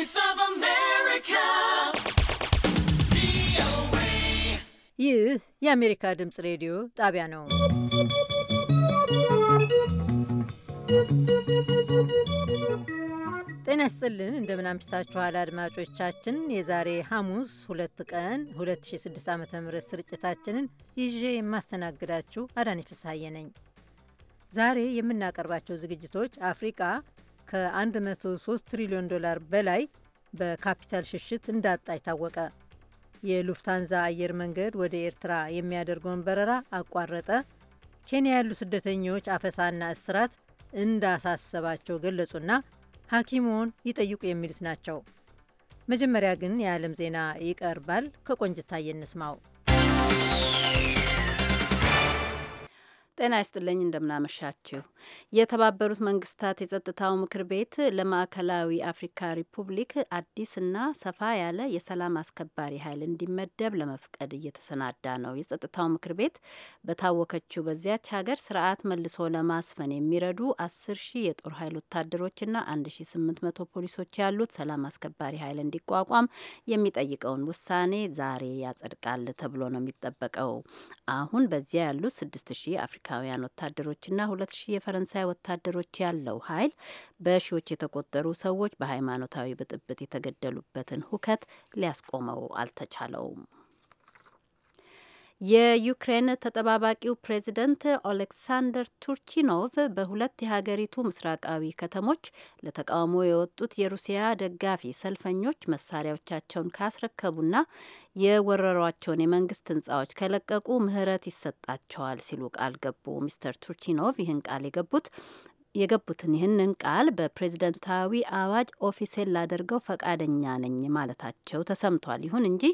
Voice of America. ይህ የአሜሪካ ድምፅ ሬዲዮ ጣቢያ ነው። ጤና ይስጥልን እንደምን አምሽታችኋል አድማጮቻችን። የዛሬ ሐሙስ ሁለት ቀን 2006 ዓ ም ስርጭታችንን ይዤ የማስተናግዳችሁ አዳኒ ፍስሐዬ ነኝ። ዛሬ የምናቀርባቸው ዝግጅቶች አፍሪቃ ከ103 ትሪሊዮን ዶላር በላይ በካፒታል ሽሽት እንዳጣ ታወቀ። የሉፍታንዛ አየር መንገድ ወደ ኤርትራ የሚያደርገውን በረራ አቋረጠ። ኬንያ ያሉ ስደተኞች አፈሳና እስራት እንዳሳሰባቸው ገለጹና ሐኪሞን ይጠይቁ የሚሉት ናቸው። መጀመሪያ ግን የዓለም ዜና ይቀርባል። ከቆንጅታ የንስማው ጤና ይስጥልኝ እንደምናመሻችሁ። የተባበሩት መንግስታት የጸጥታው ምክር ቤት ለማዕከላዊ አፍሪካ ሪፑብሊክ አዲስና ሰፋ ያለ የሰላም አስከባሪ ኃይል እንዲመደብ ለመፍቀድ እየተሰናዳ ነው። የጸጥታው ምክር ቤት በታወከችው በዚያች ሀገር ስርዓት መልሶ ለማስፈን የሚረዱ አስር ሺህ የጦር ኃይል ወታደሮችና አንድ ሺ ስምንት መቶ ፖሊሶች ያሉት ሰላም አስከባሪ ኃይል እንዲቋቋም የሚጠይቀውን ውሳኔ ዛሬ ያጸድቃል ተብሎ ነው የሚጠበቀው። አሁን በዚያ ያሉት ስድስት ሺህ አፍሪካ አሜሪካውያን ወታደሮችና ሁለት ሺህ የፈረንሳይ ወታደሮች ያለው ኃይል በሺዎች የተቆጠሩ ሰዎች በሃይማኖታዊ ብጥብጥ የተገደሉበትን ሁከት ሊያስቆመው አልተቻለውም። የዩክሬን ተጠባባቂው ፕሬዚደንት ኦሌክሳንደር ቱርቺኖቭ በሁለት የሀገሪቱ ምስራቃዊ ከተሞች ለተቃውሞ የወጡት የሩሲያ ደጋፊ ሰልፈኞች መሳሪያዎቻቸውን ካስረከቡና የወረሯቸውን የመንግስት ህንጻዎች ከለቀቁ ምህረት ይሰጣቸዋል ሲሉ ቃል ገቡ። ሚስተር ቱርቺኖቭ ይህን ቃል የገቡት የገቡትን ይህንን ቃል በፕሬዝደንታዊ አዋጅ ኦፊሴል ላደርገው ፈቃደኛ ነኝ ማለታቸው ተሰምቷል። ይሁን እንጂ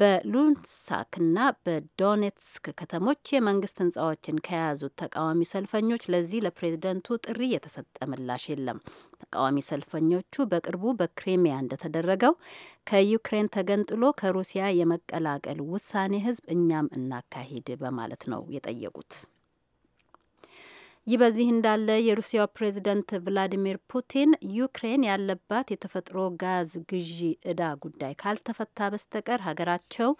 በሉንሳክና በዶኔትስክ ከተሞች የመንግስት ህንጻዎችን ከያዙት ተቃዋሚ ሰልፈኞች ለዚህ ለፕሬዝደንቱ ጥሪ የተሰጠ ምላሽ የለም። ተቃዋሚ ሰልፈኞቹ በቅርቡ በክሪሚያ እንደተደረገው ከዩክሬን ተገንጥሎ ከሩሲያ የመቀላቀል ውሳኔ ህዝብ እኛም እናካሂድ በማለት ነው የጠየቁት። ይህ በዚህ እንዳለ የሩሲያው ፕሬዚደንት ቭላዲሚር ፑቲን ዩክሬን ያለባት የተፈጥሮ ጋዝ ግዢ እዳ ጉዳይ ካልተፈታ በስተቀር ሀገራቸው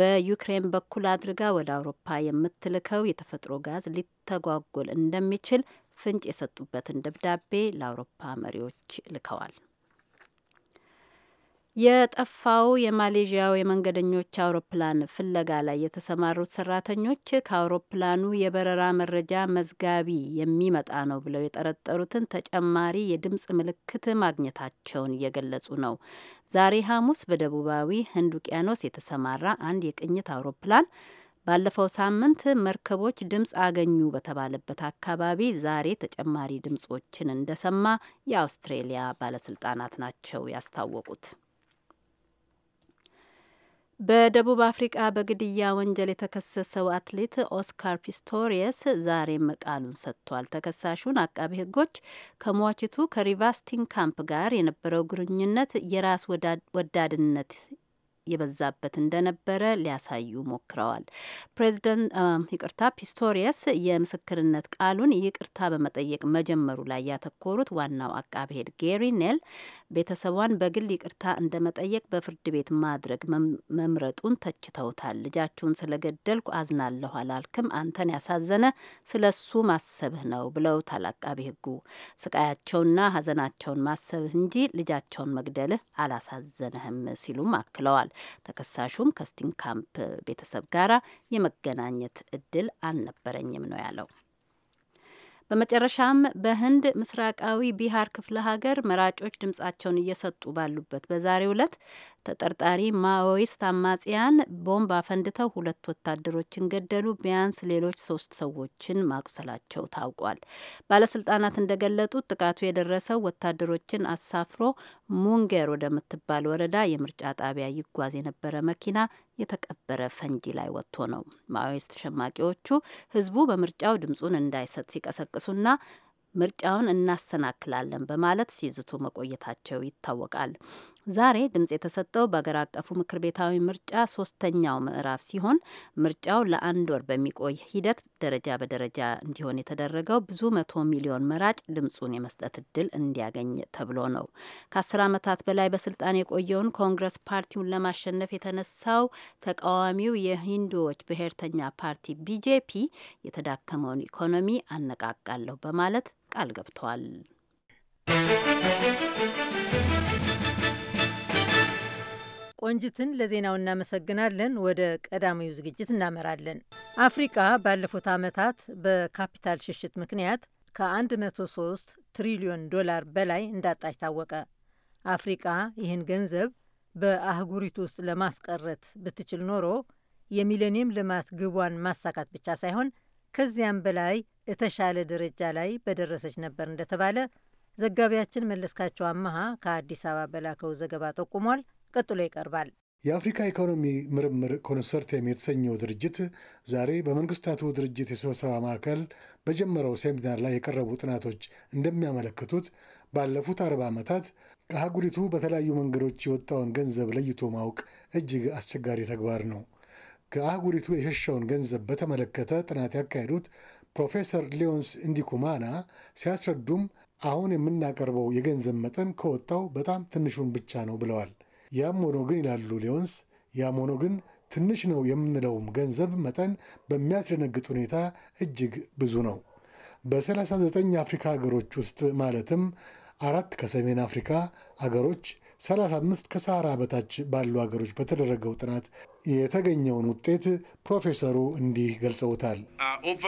በዩክሬን በኩል አድርጋ ወደ አውሮፓ የምትልከው የተፈጥሮ ጋዝ ሊተጓጎል እንደሚችል ፍንጭ የሰጡበትን ደብዳቤ ለአውሮፓ መሪዎች ልከዋል። የጠፋው የማሌዥያው የመንገደኞች አውሮፕላን ፍለጋ ላይ የተሰማሩት ሰራተኞች ከአውሮፕላኑ የበረራ መረጃ መዝጋቢ የሚመጣ ነው ብለው የጠረጠሩትን ተጨማሪ የድምፅ ምልክት ማግኘታቸውን እየገለጹ ነው። ዛሬ ሐሙስ በደቡባዊ ህንድ ውቅያኖስ የተሰማራ አንድ የቅኝት አውሮፕላን ባለፈው ሳምንት መርከቦች ድምፅ አገኙ በተባለበት አካባቢ ዛሬ ተጨማሪ ድምፆችን እንደሰማ የአውስትሬሊያ ባለስልጣናት ናቸው ያስታወቁት። በደቡብ አፍሪቃ በግድያ ወንጀል የተከሰሰው አትሌት ኦስካር ፒስቶሪየስ ዛሬም ቃሉን ሰጥቷል። ተከሳሹን አቃቢ ሕጎች ከሟችቱ ከሪቫስቲን ካምፕ ጋር የነበረው ግንኙነት የራስ ወዳድነት የበዛበት እንደነበረ ሊያሳዩ ሞክረዋል። ፕሬዚደንት ይቅርታ ፒስቶሪየስ የምስክርነት ቃሉን ይቅርታ በመጠየቅ መጀመሩ ላይ ያተኮሩት ዋናው አቃቤ ሄድ ጌሪ ኔል ቤተሰቧን በግል ይቅርታ እንደመጠየቅ በፍርድ ቤት ማድረግ መምረጡን ተችተውታል። ልጃችሁን ስለገደልኩ አዝናለሁ አላልክም፣ አንተን ያሳዘነ ስለ እሱ ማሰብህ ነው ብለውታል አቃቤ ህጉ። ስቃያቸውና ሀዘናቸውን ማሰብህ እንጂ ልጃቸውን መግደልህ አላሳዘነህም ሲሉም አክለዋል። ተከሳሹም ከስቲን ካምፕ ቤተሰብ ጋራ የመገናኘት እድል አልነበረኝም ነው ያለው። በመጨረሻም በህንድ ምስራቃዊ ቢሃር ክፍለ ሀገር መራጮች ድምጻቸውን እየሰጡ ባሉበት በዛሬው ዕለት ተጠርጣሪ ማኦይስት አማጽያን ቦምብ አፈንድተው ሁለት ወታደሮችን ገደሉ። ቢያንስ ሌሎች ሶስት ሰዎችን ማቁሰላቸው ታውቋል። ባለስልጣናት እንደገለጡት ጥቃቱ የደረሰው ወታደሮችን አሳፍሮ ሙንጌር ወደምትባል ወረዳ የምርጫ ጣቢያ ይጓዝ የነበረ መኪና የተቀበረ ፈንጂ ላይ ወጥቶ ነው። ማኦይስት ሸማቂዎቹ ህዝቡ በምርጫው ድምጹን እንዳይሰጥ ሲቀሰቅሱና ምርጫውን እናሰናክላለን በማለት ሲዝቱ መቆየታቸው ይታወቃል። ዛሬ ድምጽ የተሰጠው በአገር አቀፉ ምክር ቤታዊ ምርጫ ሶስተኛው ምዕራፍ ሲሆን ምርጫው ለአንድ ወር በሚቆይ ሂደት ደረጃ በደረጃ እንዲሆን የተደረገው ብዙ መቶ ሚሊዮን መራጭ ድምጹን የመስጠት እድል እንዲያገኝ ተብሎ ነው። ከአስር ዓመታት በላይ በስልጣን የቆየውን ኮንግረስ ፓርቲውን ለማሸነፍ የተነሳው ተቃዋሚው የሂንዱዎች ብሔርተኛ ፓርቲ ቢጄፒ የተዳከመውን ኢኮኖሚ አነቃቃለሁ በማለት ቃል ገብተዋል። ቆንጅትን ለዜናው እናመሰግናለን። ወደ ቀዳሚው ዝግጅት እናመራለን። አፍሪቃ ባለፉት ዓመታት በካፒታል ሽሽት ምክንያት ከ103 ትሪሊዮን ዶላር በላይ እንዳጣች ታወቀ። አፍሪቃ ይህን ገንዘብ በአህጉሪቱ ውስጥ ለማስቀረት ብትችል ኖሮ የሚሌኒየም ልማት ግቧን ማሳካት ብቻ ሳይሆን ከዚያም በላይ የተሻለ ደረጃ ላይ በደረሰች ነበር እንደተባለ ዘጋቢያችን መለስካቸው አመሃ ከአዲስ አበባ በላከው ዘገባ ጠቁሟል። ቀጥሎ ይቀርባል። የአፍሪካ ኢኮኖሚ ምርምር ኮንሰርቲየም የተሰኘው ድርጅት ዛሬ በመንግስታቱ ድርጅት የስብሰባ ማዕከል በጀመረው ሴሚናር ላይ የቀረቡ ጥናቶች እንደሚያመለክቱት ባለፉት አርባ ዓመታት ከአህጉሪቱ በተለያዩ መንገዶች የወጣውን ገንዘብ ለይቶ ማወቅ እጅግ አስቸጋሪ ተግባር ነው። ከአህጉሪቱ የሸሸውን ገንዘብ በተመለከተ ጥናት ያካሄዱት ፕሮፌሰር ሊዮንስ እንዲኩማና ሲያስረዱም አሁን የምናቀርበው የገንዘብ መጠን ከወጣው በጣም ትንሹን ብቻ ነው ብለዋል። ያም ሆኖ ግን ይላሉ ሊዮንስ፣ ያም ሆኖ ግን ትንሽ ነው የምንለውም ገንዘብ መጠን በሚያስደነግጥ ሁኔታ እጅግ ብዙ ነው። በ39 አፍሪካ ሀገሮች ውስጥ ማለትም አራት ከሰሜን አፍሪካ አገሮች 35 ከሰሃራ በታች ባሉ አገሮች በተደረገው ጥናት የተገኘውን ውጤት ፕሮፌሰሩ እንዲህ ገልጸውታል። uh,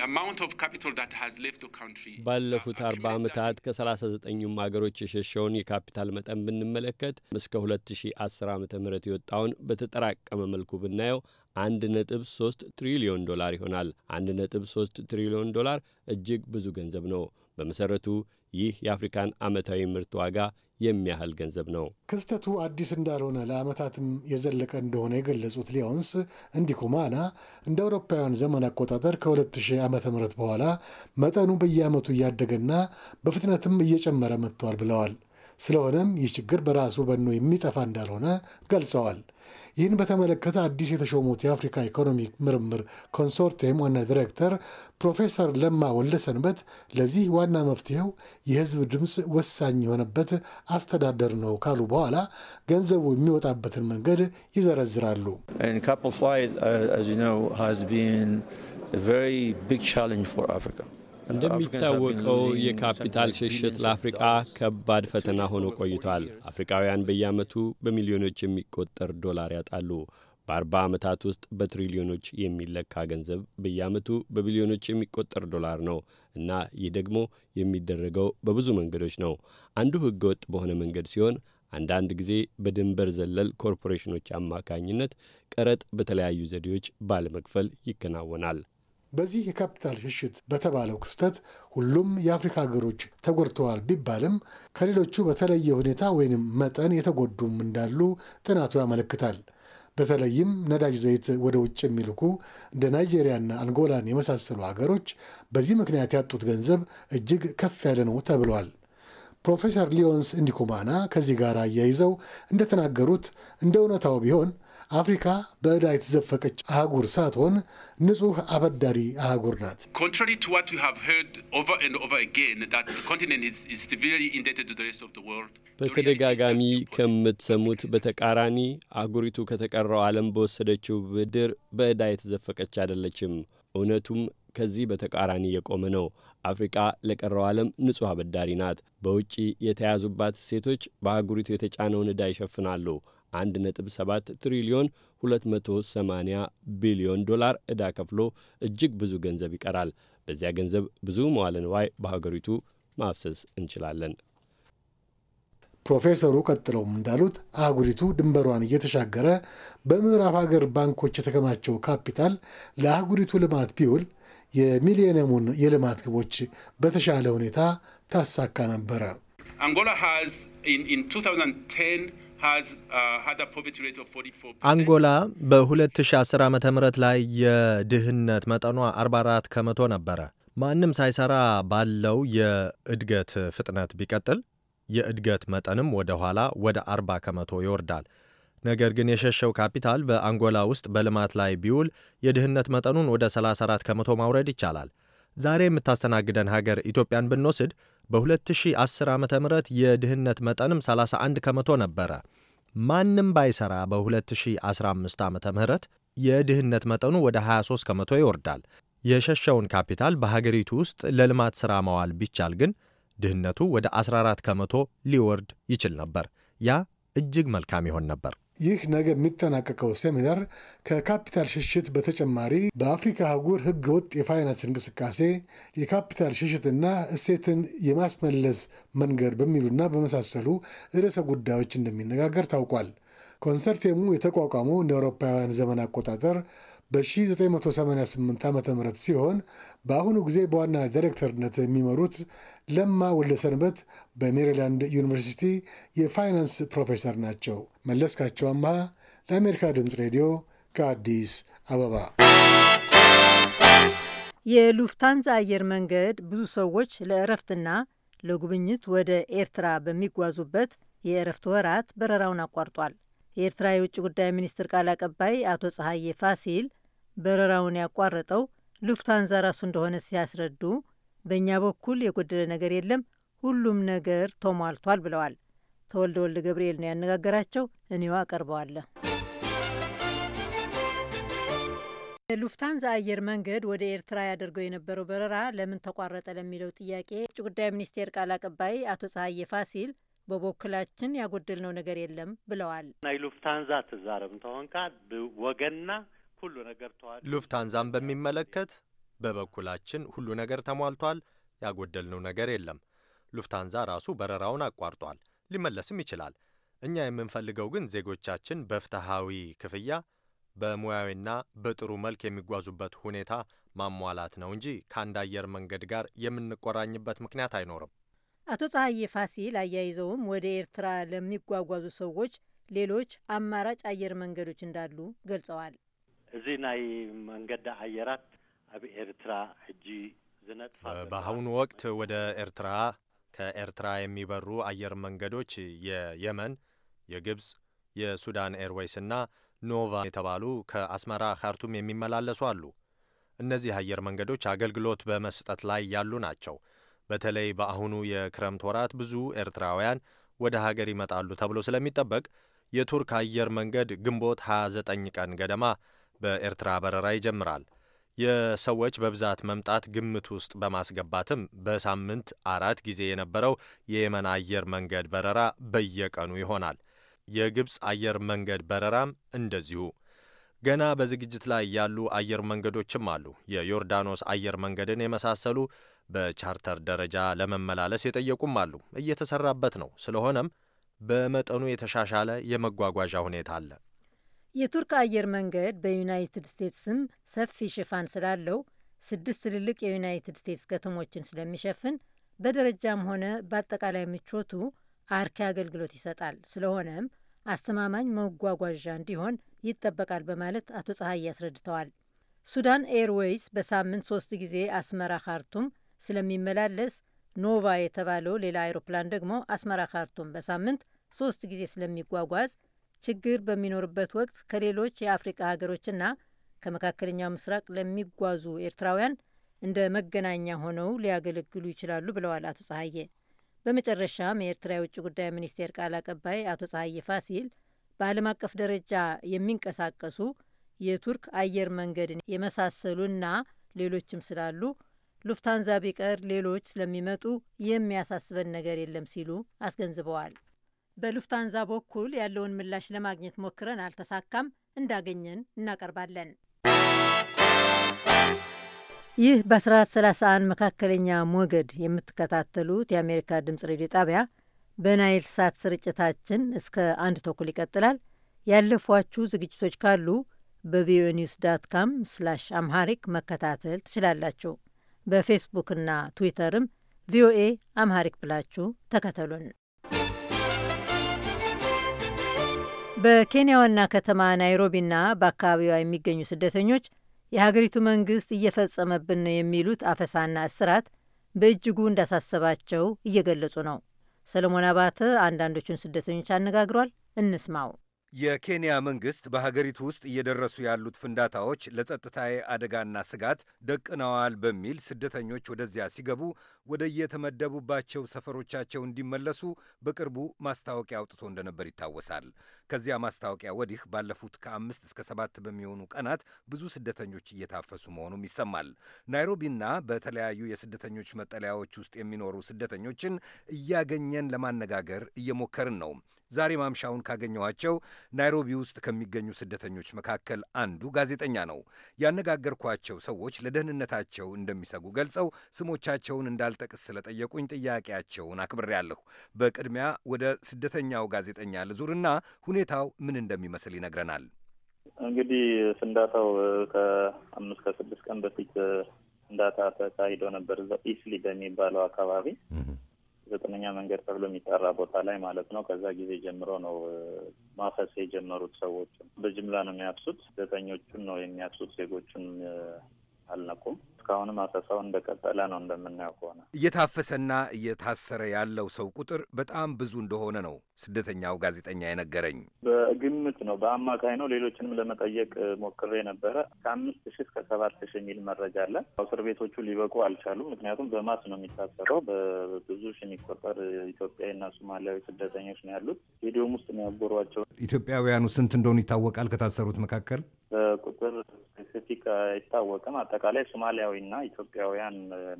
Uh, ባለፉት አርባ ዓመታት ከሰላሳ ዘጠኙም ሀገሮች የሸሸውን የካፒታል መጠን ብንመለከት እስከ ሁለት ሺ አስር የወጣውን በተጠራቀመ መልኩ ብናየው አንድ ነጥብ ሶስት ትሪሊዮን ዶላር ይሆናል። አንድ ነጥብ ሶስት ትሪሊዮን ዶላር እጅግ ብዙ ገንዘብ ነው። በመሠረቱ ይህ የአፍሪካን ዓመታዊ ምርት ዋጋ የሚያህል ገንዘብ ነው። ክስተቱ አዲስ እንዳልሆነ ለዓመታትም የዘለቀ እንደሆነ የገለጹት ሊዮንስ እንዲ ኩማና እንደ አውሮፓውያን ዘመን አቆጣጠር ከ2000 ዓ ም በኋላ መጠኑ በየዓመቱ እያደገና በፍጥነትም እየጨመረ መጥቷል ብለዋል። ስለሆነም ይህ ችግር በራሱ በኖ የሚጠፋ እንዳልሆነ ገልጸዋል። ይህን በተመለከተ አዲስ የተሾሙት የአፍሪካ ኢኮኖሚ ምርምር ኮንሶርቲየም ዋና ዲሬክተር ፕሮፌሰር ለማ ወልደሰንበት ለዚህ ዋና መፍትሄው የህዝብ ድምፅ ወሳኝ የሆነበት አስተዳደር ነው ካሉ በኋላ ገንዘቡ የሚወጣበትን መንገድ ይዘረዝራሉ። ካፒታል ፍላይት እንደሚታወቀው የካፒታል ሽሽት ለአፍሪቃ ከባድ ፈተና ሆኖ ቆይቷል። አፍሪቃውያን በየዓመቱ በሚሊዮኖች የሚቆጠር ዶላር ያጣሉ። በአርባ ዓመታት ውስጥ በትሪሊዮኖች የሚለካ ገንዘብ በየዓመቱ በቢሊዮኖች የሚቆጠር ዶላር ነው እና ይህ ደግሞ የሚደረገው በብዙ መንገዶች ነው። አንዱ ህገወጥ በሆነ መንገድ ሲሆን አንዳንድ ጊዜ በድንበር ዘለል ኮርፖሬሽኖች አማካኝነት ቀረጥ በተለያዩ ዘዴዎች ባለመክፈል ይከናወናል። በዚህ የካፒታል ሽሽት በተባለው ክስተት ሁሉም የአፍሪካ ሀገሮች ተጎድተዋል ቢባልም ከሌሎቹ በተለየ ሁኔታ ወይንም መጠን የተጎዱም እንዳሉ ጥናቱ ያመለክታል። በተለይም ነዳጅ ዘይት ወደ ውጭ የሚልኩ እንደ ናይጄሪያና አንጎላን የመሳሰሉ ሀገሮች በዚህ ምክንያት ያጡት ገንዘብ እጅግ ከፍ ያለ ነው ተብሏል። ፕሮፌሰር ሊዮንስ እንዲኩማና ከዚህ ጋር አያይዘው እንደተናገሩት እንደ እውነታው ቢሆን አፍሪካ በዕዳ የተዘፈቀች አህጉር ሳትሆን ንጹህ አበዳሪ አህጉር ናት። በተደጋጋሚ ከምትሰሙት በተቃራኒ አህጉሪቱ ከተቀረው ዓለም በወሰደችው ብድር በዕዳ የተዘፈቀች አይደለችም። እውነቱም ከዚህ በተቃራኒ የቆመ ነው። አፍሪቃ ለቀረው ዓለም ንጹሕ አበዳሪ ናት። በውጪ የተያዙባት እሴቶች በአህጉሪቱ የተጫነውን ዕዳ ይሸፍናሉ። 1.7 ትሪሊዮን 280 ቢሊዮን ዶላር ዕዳ ከፍሎ እጅግ ብዙ ገንዘብ ይቀራል። በዚያ ገንዘብ ብዙ መዋለ ንዋይ በሀገሪቱ ማፍሰስ እንችላለን። ፕሮፌሰሩ ቀጥለውም እንዳሉት አህጉሪቱ ድንበሯን እየተሻገረ በምዕራብ ሀገር ባንኮች የተከማቸው ካፒታል ለአህጉሪቱ ልማት ቢውል የሚሊኒየሙን የልማት ግቦች በተሻለ ሁኔታ ታሳካ ነበረ። አንጎላ ሃዝ ኢን 2010 Uh, አንጎላ በ2010 ዓ ም ላይ የድህነት መጠኗ 44 ከመቶ ነበረ። ማንም ሳይሰራ ባለው የእድገት ፍጥነት ቢቀጥል የእድገት መጠንም ወደ ኋላ ወደ 40 ከመቶ ይወርዳል። ነገር ግን የሸሸው ካፒታል በአንጎላ ውስጥ በልማት ላይ ቢውል የድህነት መጠኑን ወደ 34 ከመቶ ማውረድ ይቻላል። ዛሬ የምታስተናግደን ሀገር ኢትዮጵያን ብንወስድ በ2010 ዓ ም የድህነት መጠንም 31 ከመቶ ነበረ። ማንም ባይሰራ በ2015 ዓ ም የድህነት መጠኑ ወደ 23 ከመቶ ይወርዳል። የሸሸውን ካፒታል በሀገሪቱ ውስጥ ለልማት ሥራ ማዋል ቢቻል ግን ድህነቱ ወደ 14 ከመቶ ሊወርድ ይችል ነበር። ያ እጅግ መልካም ይሆን ነበር። ይህ ነገ የሚጠናቀቀው ሴሚናር ከካፒታል ሽሽት በተጨማሪ በአፍሪካ አህጉር ህገወጥ የፋይናንስ እንቅስቃሴ፣ የካፒታል ሽሽትና እሴትን የማስመለስ መንገድ በሚሉና በመሳሰሉ ርዕሰ ጉዳዮች እንደሚነጋገር ታውቋል። ኮንሰርቴሙ የተቋቋመው እንደ አውሮፓውያን ዘመን አቆጣጠር በ1988 ዓ ም ሲሆን በአሁኑ ጊዜ በዋና ዳይሬክተርነት የሚመሩት ለማ ወለሰንበት በሜሪላንድ ዩኒቨርሲቲ የፋይናንስ ፕሮፌሰር ናቸው። መለስካቸው አምሃ ለአሜሪካ ድምፅ ሬዲዮ ከአዲስ አበባ። የሉፍታንዛ አየር መንገድ ብዙ ሰዎች ለእረፍትና ለጉብኝት ወደ ኤርትራ በሚጓዙበት የእረፍት ወራት በረራውን አቋርጧል። የኤርትራ የውጭ ጉዳይ ሚኒስትር ቃል አቀባይ አቶ ፀሐዬ ፋሲል በረራውን ያቋረጠው ሉፍታንዛ ራሱ እንደሆነ ሲያስረዱ በእኛ በኩል የጎደለ ነገር የለም፣ ሁሉም ነገር ተሟልቷል ብለዋል። ተወልደ ወልደ ገብርኤል ነው ያነጋገራቸው። እኔዋ አቀርበዋለሁ። የሉፍታንዛ አየር መንገድ ወደ ኤርትራ ያደርገው የነበረው በረራ ለምን ተቋረጠ ለሚለው ጥያቄ ውጭ ጉዳይ ሚኒስቴር ቃል አቀባይ አቶ ጸሐዬ ፋሲል በበኩላችን ያጎደልነው ነገር የለም ብለዋል። ናይ ሉፍታንዛ ትዛረብ እንተሆንካ ብወገንና ሁሉ ነገር ተዋል። ሉፍታንዛን በሚመለከት በበኩላችን ሁሉ ነገር ተሟልቷል። ያጎደልነው ነገር የለም። ሉፍታንዛ ራሱ በረራውን አቋርጧል፣ ሊመለስም ይችላል። እኛ የምንፈልገው ግን ዜጎቻችን በፍትሐዊ ክፍያ በሙያዊና በጥሩ መልክ የሚጓዙበት ሁኔታ ማሟላት ነው እንጂ ከአንድ አየር መንገድ ጋር የምንቆራኝበት ምክንያት አይኖርም። አቶ ፀሐዬ ፋሲል አያይዘውም ወደ ኤርትራ ለሚጓጓዙ ሰዎች ሌሎች አማራጭ አየር መንገዶች እንዳሉ ገልጸዋል። እዚ ናይ መንገዲ ኣየራት ኣብ ኤርትራ ሕጂ ዝነጥፋ በአሁኑ ወቅት ወደ ኤርትራ ከኤርትራ የሚበሩ አየር መንገዶች የየመን፣ የግብፅ፣ የሱዳን ኤርዌይስና ኖቫ የተባሉ ከአስመራ ካርቱም የሚመላለሱ አሉ። እነዚህ አየር መንገዶች አገልግሎት በመስጠት ላይ ያሉ ናቸው። በተለይ በአሁኑ የክረምት ወራት ብዙ ኤርትራውያን ወደ ሀገር ይመጣሉ ተብሎ ስለሚጠበቅ የቱርክ አየር መንገድ ግንቦት 29 ቀን ገደማ በኤርትራ በረራ ይጀምራል። የሰዎች በብዛት መምጣት ግምት ውስጥ በማስገባትም በሳምንት አራት ጊዜ የነበረው የየመን አየር መንገድ በረራ በየቀኑ ይሆናል። የግብፅ አየር መንገድ በረራም እንደዚሁ። ገና በዝግጅት ላይ ያሉ አየር መንገዶችም አሉ። የዮርዳኖስ አየር መንገድን የመሳሰሉ በቻርተር ደረጃ ለመመላለስ የጠየቁም አሉ። እየተሰራበት ነው። ስለሆነም በመጠኑ የተሻሻለ የመጓጓዣ ሁኔታ አለ። የቱርክ አየር መንገድ በዩናይትድ ስቴትስም ሰፊ ሽፋን ስላለው ስድስት ትልልቅ የዩናይትድ ስቴትስ ከተሞችን ስለሚሸፍን በደረጃም ሆነ በአጠቃላይ ምቾቱ አርኪ አገልግሎት ይሰጣል። ስለሆነም አስተማማኝ መጓጓዣ እንዲሆን ይጠበቃል በማለት አቶ ፀሐይ ያስረድተዋል። ሱዳን ኤርዌይስ በሳምንት ሶስት ጊዜ አስመራ ካርቱም ስለሚመላለስ ኖቫ የተባለው ሌላ አይሮፕላን ደግሞ አስመራ ካርቱም በሳምንት ሶስት ጊዜ ስለሚጓጓዝ ችግር በሚኖርበት ወቅት ከሌሎች የአፍሪቃ ሀገሮችና ከመካከለኛው ምስራቅ ለሚጓዙ ኤርትራውያን እንደ መገናኛ ሆነው ሊያገለግሉ ይችላሉ ብለዋል አቶ ጸሐዬ። በመጨረሻም የኤርትራ የውጭ ጉዳይ ሚኒስቴር ቃል አቀባይ አቶ ጸሐዬ ፋሲል በዓለም አቀፍ ደረጃ የሚንቀሳቀሱ የቱርክ አየር መንገድን የመሳሰሉና ሌሎችም ስላሉ ሉፍታንዛ ቢቀር ሌሎች ስለሚመጡ የሚያሳስበን ነገር የለም ሲሉ አስገንዝበዋል። በሉፍታንዛ በኩል ያለውን ምላሽ ለማግኘት ሞክረን አልተሳካም። እንዳገኘን እናቀርባለን። ይህ በ1431 መካከለኛ ሞገድ የምትከታተሉት የአሜሪካ ድምፅ ሬዲዮ ጣቢያ በናይል ሳት ስርጭታችን እስከ አንድ ተኩል ይቀጥላል። ያለፏችሁ ዝግጅቶች ካሉ በቪኦኤ ኒውስ ዳት ካም ስላሽ አምሃሪክ መከታተል ትችላላችሁ። በፌስቡክና ትዊተርም ቪኦኤ አምሃሪክ ብላችሁ ተከተሉን። በኬንያ ዋና ከተማ ናይሮቢና በአካባቢዋ የሚገኙ ስደተኞች የሀገሪቱ መንግስት እየፈጸመብን ነው የሚሉት አፈሳና እስራት በእጅጉ እንዳሳሰባቸው እየገለጹ ነው። ሰለሞን አባተ አንዳንዶቹን ስደተኞች አነጋግሯል። እንስማው። የኬንያ መንግሥት በሀገሪቱ ውስጥ እየደረሱ ያሉት ፍንዳታዎች ለጸጥታዊ አደጋና ስጋት ደቅነዋል በሚል ስደተኞች ወደዚያ ሲገቡ ወደ የተመደቡባቸው ሰፈሮቻቸው እንዲመለሱ በቅርቡ ማስታወቂያ አውጥቶ እንደነበር ይታወሳል። ከዚያ ማስታወቂያ ወዲህ ባለፉት ከአምስት እስከ ሰባት በሚሆኑ ቀናት ብዙ ስደተኞች እየታፈሱ መሆኑም ይሰማል። ናይሮቢና በተለያዩ የስደተኞች መጠለያዎች ውስጥ የሚኖሩ ስደተኞችን እያገኘን ለማነጋገር እየሞከርን ነው። ዛሬ ማምሻውን ካገኘኋቸው ናይሮቢ ውስጥ ከሚገኙ ስደተኞች መካከል አንዱ ጋዜጠኛ ነው። ያነጋገርኳቸው ሰዎች ለደህንነታቸው እንደሚሰጉ ገልጸው ስሞቻቸውን እንዳልጠቅስ ስለጠየቁኝ ጥያቄያቸውን አክብሬያለሁ። በቅድሚያ ወደ ስደተኛው ጋዜጠኛ ልዙርና ሁኔታው ምን እንደሚመስል ይነግረናል። እንግዲህ ፍንዳታው ከአምስት ከስድስት ቀን በፊት ፍንዳታ ተካሂዶ ነበር ኢስሊ በሚባለው አካባቢ ዘጠነኛ መንገድ ተብሎ የሚጠራ ቦታ ላይ ማለት ነው። ከዛ ጊዜ ጀምሮ ነው ማፈስ የጀመሩት ሰዎች። በጅምላ ነው የሚያፍሱት። ዘጠኞቹን ነው የሚያፍሱት፣ ዜጎቹን አልነቁም። እስካሁንም አሰሳው እንደቀጠለ ነው። እንደምናየው ከሆነ እየታፈሰና እየታሰረ ያለው ሰው ቁጥር በጣም ብዙ እንደሆነ ነው ስደተኛው ጋዜጠኛ የነገረኝ። በግምት ነው፣ በአማካይ ነው። ሌሎችንም ለመጠየቅ ሞክሬ ነበረ። ከአምስት ሺህ እስከ ሰባት ሺህ የሚል መረጃ አለ። እስር ቤቶቹ ሊበቁ አልቻሉም። ምክንያቱም በማስ ነው የሚታሰረው። በብዙ ሺህ የሚቆጠር ኢትዮጵያዊና ሶማሊያዊ ስደተኞች ነው ያሉት። ሬዲዮም ውስጥ ነው ኢትዮጵያውያኑ ስንት እንደሆኑ ይታወቃል ከታሰሩት መካከል በቁጥር ፖለቲካ አይታወቅም። አጠቃላይ ሶማሊያዊና ኢትዮጵያውያን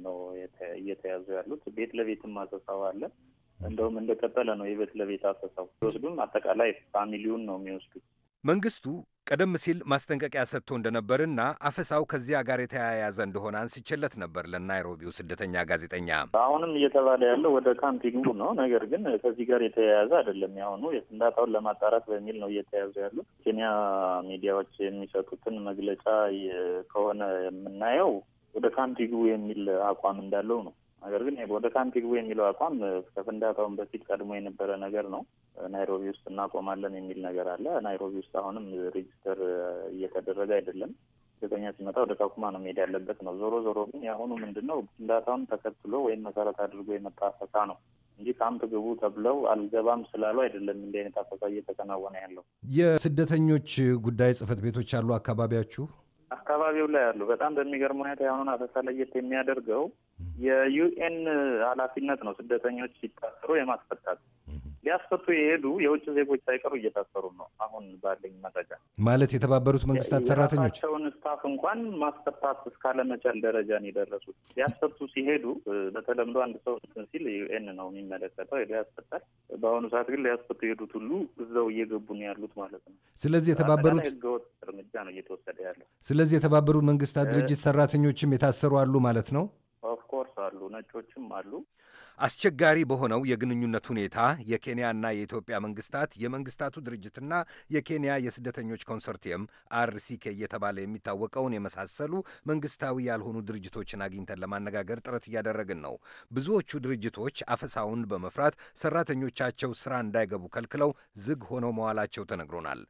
ነው እየተያዙ ያሉት። ቤት ለቤትም አሰሳው አለ። እንደውም እንደቀጠለ ነው የቤት ለቤት አሰሳው። ሲወስዱም አጠቃላይ ፋሚሊውን ነው የሚወስዱት። መንግስቱ ቀደም ሲል ማስጠንቀቂያ ሰጥቶ እንደነበርና አፈሳው ከዚያ ጋር የተያያዘ እንደሆነ አንስቼለት ነበር ለናይሮቢው ስደተኛ ጋዜጠኛ። አሁንም እየተባለ ያለው ወደ ካምፒንጉ ነው። ነገር ግን ከዚህ ጋር የተያያዘ አይደለም። ያሁኑ የፍንዳታውን ለማጣራት በሚል ነው እየተያዙ ያሉት። ኬንያ ሚዲያዎች የሚሰጡትን መግለጫ ከሆነ የምናየው ወደ ካምፒንጉ የሚል አቋም እንዳለው ነው። ነገር ግን ወደ ካምፕ ግቡ የሚለው አቋም ከፍንዳታውን በፊት ቀድሞ የነበረ ነገር ነው። ናይሮቢ ውስጥ እናቆማለን የሚል ነገር አለ። ናይሮቢ ውስጥ አሁንም ሬጅስተር እየተደረገ አይደለም። ስደተኛ ሲመጣ ወደ ካኩማ ነው መሄድ ያለበት ነው። ዞሮ ዞሮ ግን የአሁኑ ምንድን ነው ፍንዳታውን ተከትሎ ወይም መሰረት አድርጎ የመጣ አፈሳ ነው እንጂ ካምፕ ግቡ ተብለው አልገባም ስላሉ አይደለም እንዲህ አይነት አፈሳ እየተከናወነ ያለው። የስደተኞች ጉዳይ ጽህፈት ቤቶች አሉ አካባቢያችሁ አካባቢው ላይ አሉ። በጣም በሚገርም ሁኔታ የአሁኑን አፈሳ ለየት የሚያደርገው የዩኤን ኃላፊነት ነው ስደተኞች ሲታሰሩ የማስፈታት። ሊያስፈቱ የሄዱ የውጭ ዜጎች ሳይቀሩ እየታሰሩ ነው። አሁን ባለኝ መረጃ ማለት የተባበሩት መንግስታት ሰራተኞች ቸውን ስታፍ እንኳን ማስፈታት እስካለመቻል ደረጃ ነው የደረሱት። ሊያስፈቱ ሲሄዱ በተለምዶ አንድ ሰው እንትን ሲል ዩኤን ነው የሚመለከተው ያስፈታል። በአሁኑ ሰዓት ግን ሊያስፈቱ የሄዱት ሁሉ እዛው እየገቡ ነው ያሉት ማለት ነው። ስለዚህ የተባበሩት ህገወጥ እርምጃ ነው እየተወሰደ ያለው። ስለዚህ የተባበሩት መንግስታት ድርጅት ሰራተኞችም የታሰሩ አሉ ማለት ነው። አሉ፣ ነጮችም አሉ። አስቸጋሪ በሆነው የግንኙነት ሁኔታ የኬንያና የኢትዮጵያ መንግስታት የመንግስታቱ ድርጅትና የኬንያ የስደተኞች ኮንሰርቲየም አርሲኬ እየተባለ የሚታወቀውን የመሳሰሉ መንግስታዊ ያልሆኑ ድርጅቶችን አግኝተን ለማነጋገር ጥረት እያደረግን ነው። ብዙዎቹ ድርጅቶች አፈሳውን በመፍራት ሰራተኞቻቸው ስራ እንዳይገቡ ከልክለው ዝግ ሆነው መዋላቸው ተነግሮናል።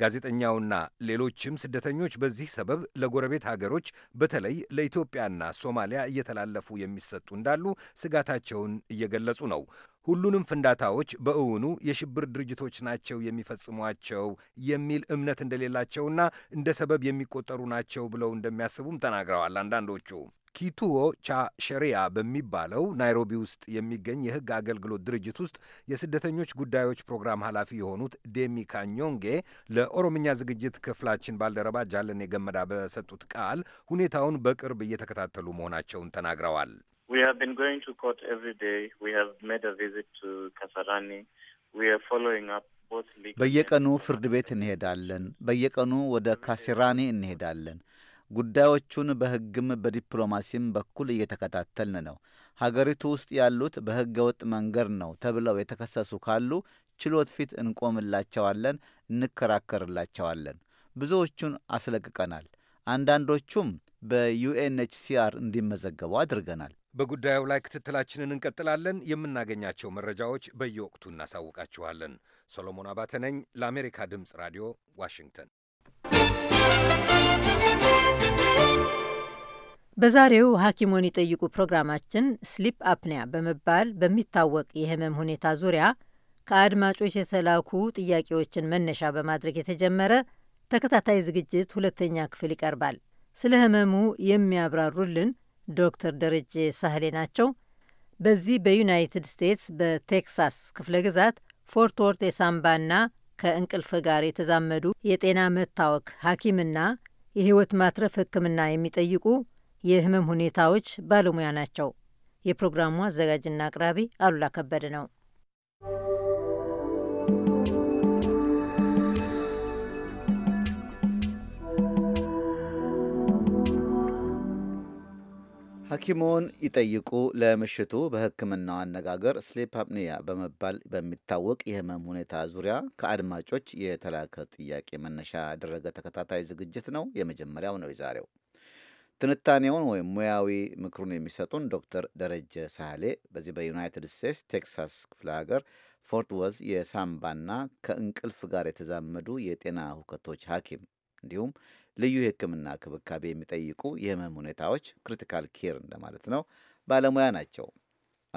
ጋዜጠኛውና ሌሎችም ስደተኞች በዚህ ሰበብ ለጎረቤት ሀገሮች በተለይ ለኢትዮጵያና ሶማሊያ እየተላለፉ የሚሰጡ እንዳሉ ስጋታቸውን እየገለጹ ነው። ሁሉንም ፍንዳታዎች በእውኑ የሽብር ድርጅቶች ናቸው የሚፈጽሟቸው የሚል እምነት እንደሌላቸውና እንደ ሰበብ የሚቆጠሩ ናቸው ብለው እንደሚያስቡም ተናግረዋል አንዳንዶቹ። ኪቱዎ ቻ ሸሪያ በሚባለው ናይሮቢ ውስጥ የሚገኝ የሕግ አገልግሎት ድርጅት ውስጥ የስደተኞች ጉዳዮች ፕሮግራም ኃላፊ የሆኑት ዴሚ ካኞንጌ ለኦሮምኛ ዝግጅት ክፍላችን ባልደረባ ጃለኔ ገመዳ በሰጡት ቃል ሁኔታውን በቅርብ እየተከታተሉ መሆናቸውን ተናግረዋል። በየቀኑ ፍርድ ቤት እንሄዳለን። በየቀኑ ወደ ካሴራኒ እንሄዳለን። ጉዳዮቹን በሕግም በዲፕሎማሲም በኩል እየተከታተልን ነው። ሀገሪቱ ውስጥ ያሉት በሕገ ወጥ መንገድ ነው ተብለው የተከሰሱ ካሉ ችሎት ፊት እንቆምላቸዋለን፣ እንከራከርላቸዋለን። ብዙዎቹን አስለቅቀናል። አንዳንዶቹም በዩኤንኤችሲአር እንዲመዘገቡ አድርገናል። በጉዳዩ ላይ ክትትላችንን እንቀጥላለን። የምናገኛቸው መረጃዎች በየወቅቱ እናሳውቃችኋለን። ሶሎሞን አባተ ነኝ ለአሜሪካ ድምፅ ራዲዮ ዋሽንግተን በዛሬው ሐኪሞን ይጠይቁ ፕሮግራማችን ስሊፕ አፕኒያ በመባል በሚታወቅ የህመም ሁኔታ ዙሪያ ከአድማጮች የተላኩ ጥያቄዎችን መነሻ በማድረግ የተጀመረ ተከታታይ ዝግጅት ሁለተኛ ክፍል ይቀርባል። ስለ ህመሙ የሚያብራሩልን ዶክተር ደረጀ ሳህሌ ናቸው። በዚህ በዩናይትድ ስቴትስ በቴክሳስ ክፍለ ግዛት ፎርትወርት የሳምባና ከእንቅልፍ ጋር የተዛመዱ የጤና መታወክ ሐኪምና የህይወት ማትረፍ ህክምና የሚጠይቁ የህመም ሁኔታዎች ባለሙያ ናቸው። የፕሮግራሙ አዘጋጅና አቅራቢ አሉላ ከበደ ነው። ሀኪሙን ይጠይቁ ለምሽቱ በሕክምናው አነጋገር ስሊፕ አፕኒያ በመባል በሚታወቅ የህመም ሁኔታ ዙሪያ ከአድማጮች የተላከ ጥያቄ መነሻ ያደረገ ተከታታይ ዝግጅት ነው። የመጀመሪያው ነው የዛሬው። ትንታኔውን ወይም ሙያዊ ምክሩን የሚሰጡን ዶክተር ደረጀ ሳህሌ በዚህ በዩናይትድ ስቴትስ ቴክሳስ ክፍለ ሀገር ፎርት ወዝ የሳምባና ከእንቅልፍ ጋር የተዛመዱ የጤና ሁከቶች ሐኪም እንዲሁም ልዩ የሕክምና ክብካቤ የሚጠይቁ የህመም ሁኔታዎች ክሪቲካል ኬር እንደማለት ነው ባለሙያ ናቸው።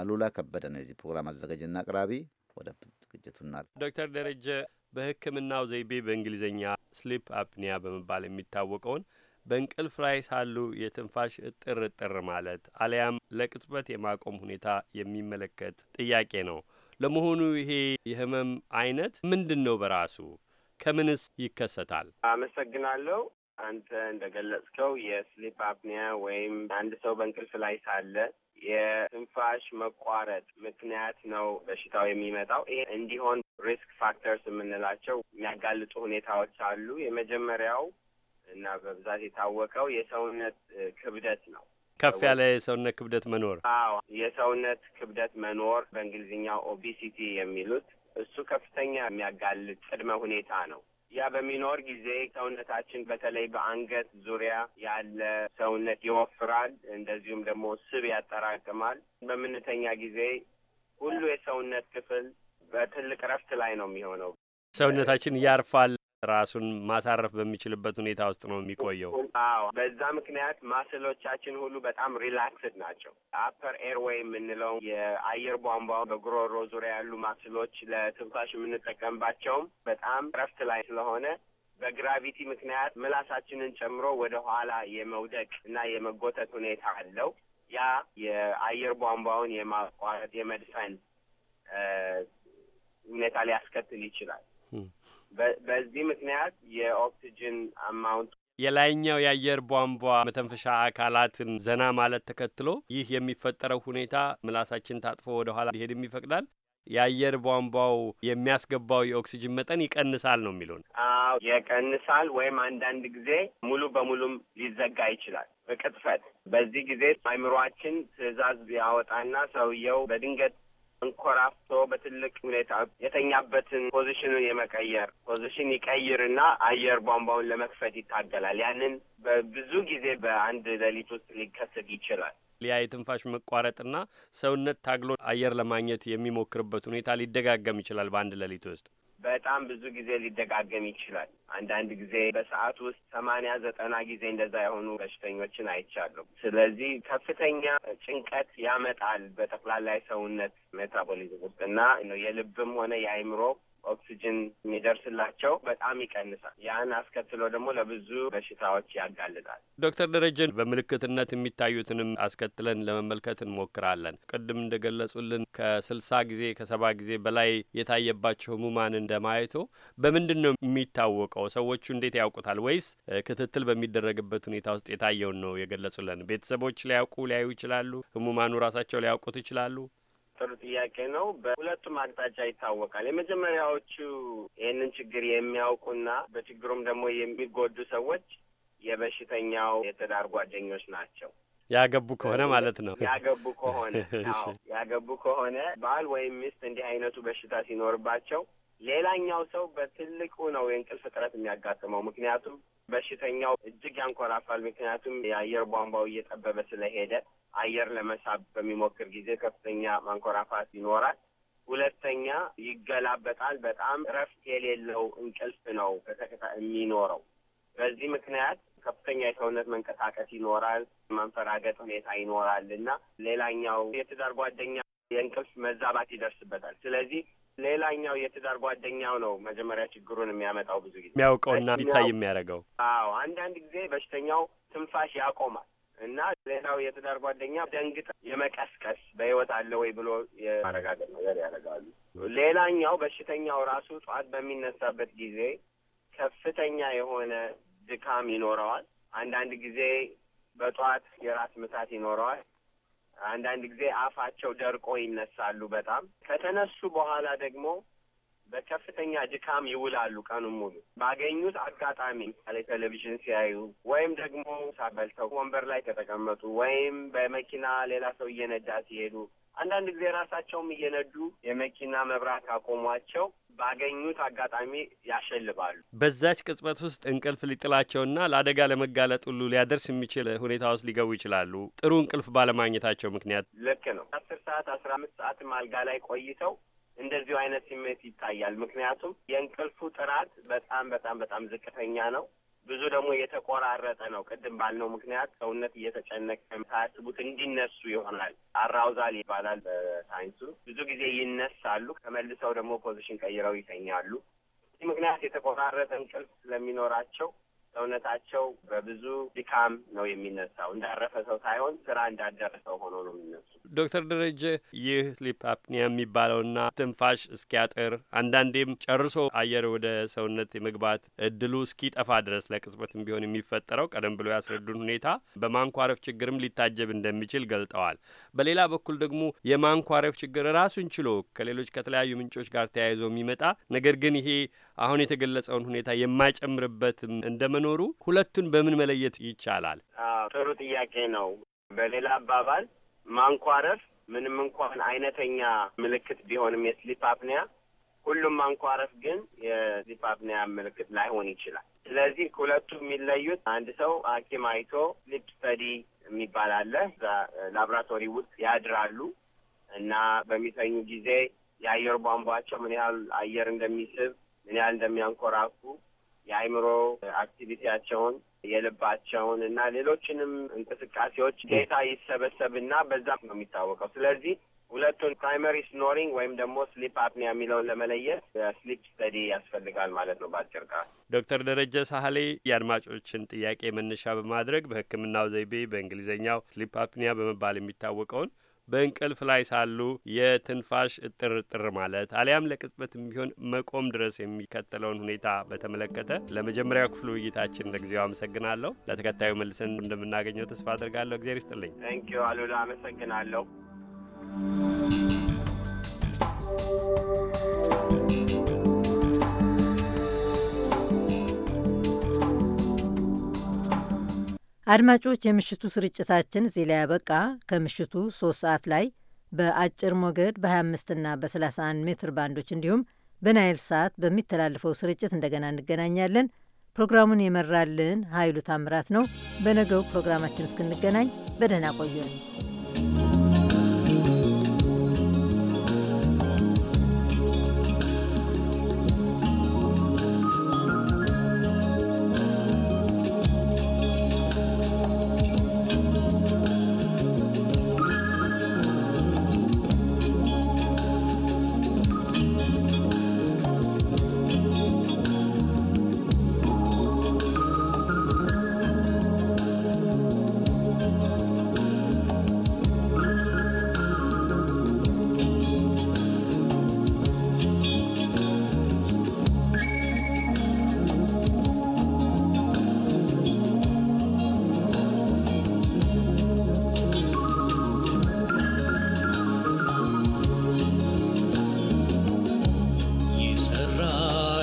አሉላ ከበደ ነው የዚህ ፕሮግራም አዘጋጅና አቅራቢ። ወደ ዝግጅቱና ዶክተር ደረጀ በህክምናው ዘይቤ በእንግሊዝኛ ስሊፕ አፕኒያ በመባል የሚታወቀውን በእንቅልፍ ላይ ሳሉ የትንፋሽ እጥር እጥር ማለት አሊያም ለቅጽበት የማቆም ሁኔታ የሚመለከት ጥያቄ ነው። ለመሆኑ ይሄ የህመም አይነት ምንድን ነው? በራሱ ከምንስ ይከሰታል? አመሰግናለሁ። አንተ እንደገለጽከው የስሊፕ አፕኒያ ወይም አንድ ሰው በእንቅልፍ ላይ ሳለ የትንፋሽ መቋረጥ ምክንያት ነው በሽታው የሚመጣው። ይሄ እንዲሆን ሪስክ ፋክተርስ የምንላቸው የሚያጋልጡ ሁኔታዎች አሉ። የመጀመሪያው እና በብዛት የታወቀው የሰውነት ክብደት ነው። ከፍ ያለ የሰውነት ክብደት መኖር። አዎ፣ የሰውነት ክብደት መኖር በእንግሊዝኛው ኦቢሲቲ የሚሉት እሱ ከፍተኛ የሚያጋልጥ ቅድመ ሁኔታ ነው። ያ በሚኖር ጊዜ ሰውነታችን በተለይ በአንገት ዙሪያ ያለ ሰውነት ይወፍራል። እንደዚሁም ደግሞ ስብ ያጠራቅማል። በምንተኛ ጊዜ ሁሉ የሰውነት ክፍል በትልቅ እረፍት ላይ ነው የሚሆነው። ሰውነታችን ያርፋል። ራሱን ማሳረፍ በሚችልበት ሁኔታ ውስጥ ነው የሚቆየው። አዎ፣ በዛ ምክንያት ማስሎቻችን ሁሉ በጣም ሪላክስድ ናቸው። አፐር ኤርዌይ የምንለው የአየር ቧንቧ በጉሮሮ ዙሪያ ያሉ ማስሎች ለትንፋሽ የምንጠቀምባቸውም በጣም ረፍት ላይ ስለሆነ በግራቪቲ ምክንያት ምላሳችንን ጨምሮ ወደ ኋላ የመውደቅ እና የመጎተት ሁኔታ አለው። ያ የአየር ቧንቧውን የማቋረጥ የመድፈን ሁኔታ ሊያስከትል ይችላል። በዚህ ምክንያት የኦክሲጅን አማውንት የላይኛው የአየር ቧንቧ መተንፈሻ አካላትን ዘና ማለት ተከትሎ ይህ የሚፈጠረው ሁኔታ ምላሳችን ታጥፎ ወደ ኋላ ሊሄድም ይፈቅዳል። የአየር ቧንቧው የሚያስገባው የኦክሲጅን መጠን ይቀንሳል ነው የሚሉን? አዎ የቀንሳል፣ ወይም አንዳንድ ጊዜ ሙሉ በሙሉም ሊዘጋ ይችላል በቅጥፈት። በዚህ ጊዜ አይምሯችን ትዕዛዝ ያወጣና ሰውየው በድንገት እንኮራፍቶ በትልቅ ሁኔታ የተኛበትን ፖዚሽኑን የመቀየር ፖዚሽን ይቀይርና አየር ቧንቧውን ለመክፈት ይታገላል። ያንን በብዙ ጊዜ በአንድ ሌሊት ውስጥ ሊከሰት ይችላል። ያ የትንፋሽ መቋረጥና ሰውነት ታግሎ አየር ለማግኘት የሚሞክርበት ሁኔታ ሊደጋገም ይችላል በአንድ ሌሊት ውስጥ በጣም ብዙ ጊዜ ሊደጋገም ይችላል። አንዳንድ ጊዜ በሰዓት ውስጥ ሰማንያ ዘጠና ጊዜ እንደዛ የሆኑ በሽተኞችን አይቻለሁ። ስለዚህ ከፍተኛ ጭንቀት ያመጣል በጠቅላላይ ሰውነት ሜታቦሊዝም ውስጥ እና የልብም ሆነ የአይምሮ ኦክሲጅን የሚደርስላቸው በጣም ይቀንሳል። ያን አስከትሎ ደግሞ ለብዙ በሽታዎች ያጋልጣል። ዶክተር ደረጀን በምልክትነት የሚታዩትንም አስከትለን ለመመልከት እንሞክራለን። ቅድም እንደገለጹልን ከስልሳ ጊዜ ከሰባ ጊዜ በላይ የታየባቸው ህሙማን እንደማየቶ በምንድን ነው የሚታወቀው? ሰዎቹ እንዴት ያውቁታል? ወይስ ክትትል በሚደረግበት ሁኔታ ውስጥ የታየውን ነው የገለጹልን? ቤተሰቦች ሊያውቁ ሊያዩ ይችላሉ። ህሙማኑ ራሳቸው ሊያውቁት ይችላሉ። ጥሩ ጥያቄ ነው። በሁለቱም አቅጣጫ ይታወቃል። የመጀመሪያዎቹ ይህንን ችግር የሚያውቁና በችግሩም ደግሞ የሚጎዱ ሰዎች የበሽተኛው የትዳር ጓደኞች ናቸው። ያገቡ ከሆነ ማለት ነው። ያገቡ ከሆነ ያገቡ ከሆነ ባል ወይም ሚስት እንዲህ አይነቱ በሽታ ሲኖርባቸው ሌላኛው ሰው በትልቁ ነው የእንቅልፍ እጥረት የሚያጋጥመው። ምክንያቱም በሽተኛው እጅግ ያንኮራፋል። ምክንያቱም የአየር ቧንቧው እየጠበበ ስለሄደ አየር ለመሳብ በሚሞክር ጊዜ ከፍተኛ ማንኮራፋት ይኖራል። ሁለተኛ ይገላበጣል። በጣም እረፍት የሌለው እንቅልፍ ነው በተከታ የሚኖረው። በዚህ ምክንያት ከፍተኛ የሰውነት መንቀሳቀስ ይኖራል፣ መንፈራገጥ ሁኔታ ይኖራል እና ሌላኛው የትዳር ጓደኛ የእንቅልፍ መዛባት ይደርስበታል። ስለዚህ ሌላኛው የትዳር ጓደኛው ነው መጀመሪያ ችግሩን የሚያመጣው ብዙ ጊዜ የሚያውቀውና እንዲታይ የሚያደርገው። አዎ አንዳንድ ጊዜ በሽተኛው ትንፋሽ ያቆማል እና ሌላው የትዳር ጓደኛ ደንግጠ የመቀስቀስ በህይወት አለ ወይ ብሎ የማረጋገጥ ነገር ያደርጋሉ። ሌላኛው በሽተኛው ራሱ ጠዋት በሚነሳበት ጊዜ ከፍተኛ የሆነ ድካም ይኖረዋል። አንዳንድ ጊዜ በጠዋት የራስ ምታት ይኖረዋል። አንዳንድ ጊዜ አፋቸው ደርቆ ይነሳሉ። በጣም ከተነሱ በኋላ ደግሞ በከፍተኛ ድካም ይውላሉ ቀኑን ሙሉ። ባገኙት አጋጣሚ ምሳሌ ቴሌቪዥን ሲያዩ ወይም ደግሞ ሳበልተው ወንበር ላይ ከተቀመጡ ወይም በመኪና ሌላ ሰው እየነዳ ሲሄዱ አንዳንድ ጊዜ ራሳቸውም እየነዱ የመኪና መብራት አቆሟቸው ባገኙት አጋጣሚ ያሸልባሉ። በዛች ቅጽበት ውስጥ እንቅልፍ ሊጥላቸውና ለአደጋ ለመጋለጥ ሁሉ ሊያደርስ የሚችል ሁኔታ ውስጥ ሊገቡ ይችላሉ። ጥሩ እንቅልፍ ባለማግኘታቸው ምክንያት ልክ ነው። አስር ሰዓት አስራ አምስት ሰዓትም አልጋ ላይ ቆይተው እንደዚሁ አይነት ስሜት ይታያል። ምክንያቱም የእንቅልፉ ጥራት በጣም በጣም በጣም ዝቅተኛ ነው። ብዙ ደግሞ የተቆራረጠ ነው። ቅድም ባልነው ምክንያት ሰውነት እየተጨነቀ ሳያስቡት እንዲነሱ ይሆናል። አራውዛል ይባላል በሳይንሱ። ብዙ ጊዜ ይነሳሉ፣ ተመልሰው ደግሞ ፖዚሽን ቀይረው ይተኛሉ። ምክንያት የተቆራረጠ እንቅልፍ ስለሚኖራቸው ሰውነታቸው በብዙ ድካም ነው የሚነሳው። እንዳረፈ ሰው ሳይሆን ስራ እንዳደረሰው ሆኖ ነው የሚነሱ። ዶክተር ደረጀ ይህ ስሊፕ አፕኒያ የሚባለውና ትንፋሽ እስኪያጥር አንዳንዴም ጨርሶ አየር ወደ ሰውነት የመግባት እድሉ እስኪጠፋ ድረስ ለቅጽበትም ቢሆን የሚፈጠረው ቀደም ብሎ ያስረዱን ሁኔታ በማንኳረፍ ችግርም ሊታጀብ እንደሚችል ገልጠዋል። በሌላ በኩል ደግሞ የማንኳረፍ ችግር ራሱን ችሎ ከሌሎች ከተለያዩ ምንጮች ጋር ተያይዞ የሚመጣ ነገር ግን ይሄ አሁን የተገለጸውን ሁኔታ የማይጨምርበትም እንደመ መኖሩ ሁለቱን በምን መለየት ይቻላል? አዎ ጥሩ ጥያቄ ነው። በሌላ አባባል ማንኳረፍ ምንም እንኳን አይነተኛ ምልክት ቢሆንም የስሊፕ አፕኒያ ሁሉም ማንኳረፍ ግን የስሊፕ አፕኒያ ምልክት ላይሆን ይችላል። ስለዚህ ሁለቱ የሚለዩት አንድ ሰው ሐኪም አይቶ ስሊፕ ስተዲ የሚባል አለ። ላብራቶሪ ውስጥ ያድራሉ እና በሚተኙ ጊዜ የአየር ቧንቧቸው ምን ያህል አየር እንደሚስብ ምን ያህል እንደሚያንኮራኩ የአይምሮ አክቲቪቲያቸውን የልባቸውን እና ሌሎችንም እንቅስቃሴዎች ዴታ ይሰበሰብና በዛም ነው የሚታወቀው። ስለዚህ ሁለቱን ፕራይመሪ ስኖሪንግ ወይም ደግሞ ስሊፕ አፕኒያ የሚለውን ለመለየት ስሊፕ ስተዲ ያስፈልጋል ማለት ነው በአጭር ቃል። ዶክተር ደረጀ ሳህሌ የአድማጮችን ጥያቄ መነሻ በማድረግ በሕክምናው ዘይቤ በእንግሊዝኛው ስሊፕ አፕኒያ በመባል የሚታወቀውን በእንቅልፍ ላይ ሳሉ የትንፋሽ እጥር ማለት አሊያም ለቅጽበት ቢሆን መቆም ድረስ የሚከተለውን ሁኔታ በተመለከተ ለመጀመሪያው ክፍል ውይይታችን ለጊዜው አመሰግናለሁ። ለተከታዩ መልሰን እንደምናገኘው ተስፋ አድርጋለሁ። እግዜር ይስጥልኝ። ንኪዩ አሉላ፣ አመሰግናለሁ። አድማጮች፣ የምሽቱ ስርጭታችን እዚህ ላይ ያበቃ። ከምሽቱ ሶስት ሰዓት ላይ በአጭር ሞገድ በ25ና በ31 ሜትር ባንዶች እንዲሁም በናይል ሳት በሚተላለፈው ስርጭት እንደገና እንገናኛለን። ፕሮግራሙን የመራልን ኃይሉ ታምራት ነው። በነገው ፕሮግራማችን እስክንገናኝ በደህና ቆየን።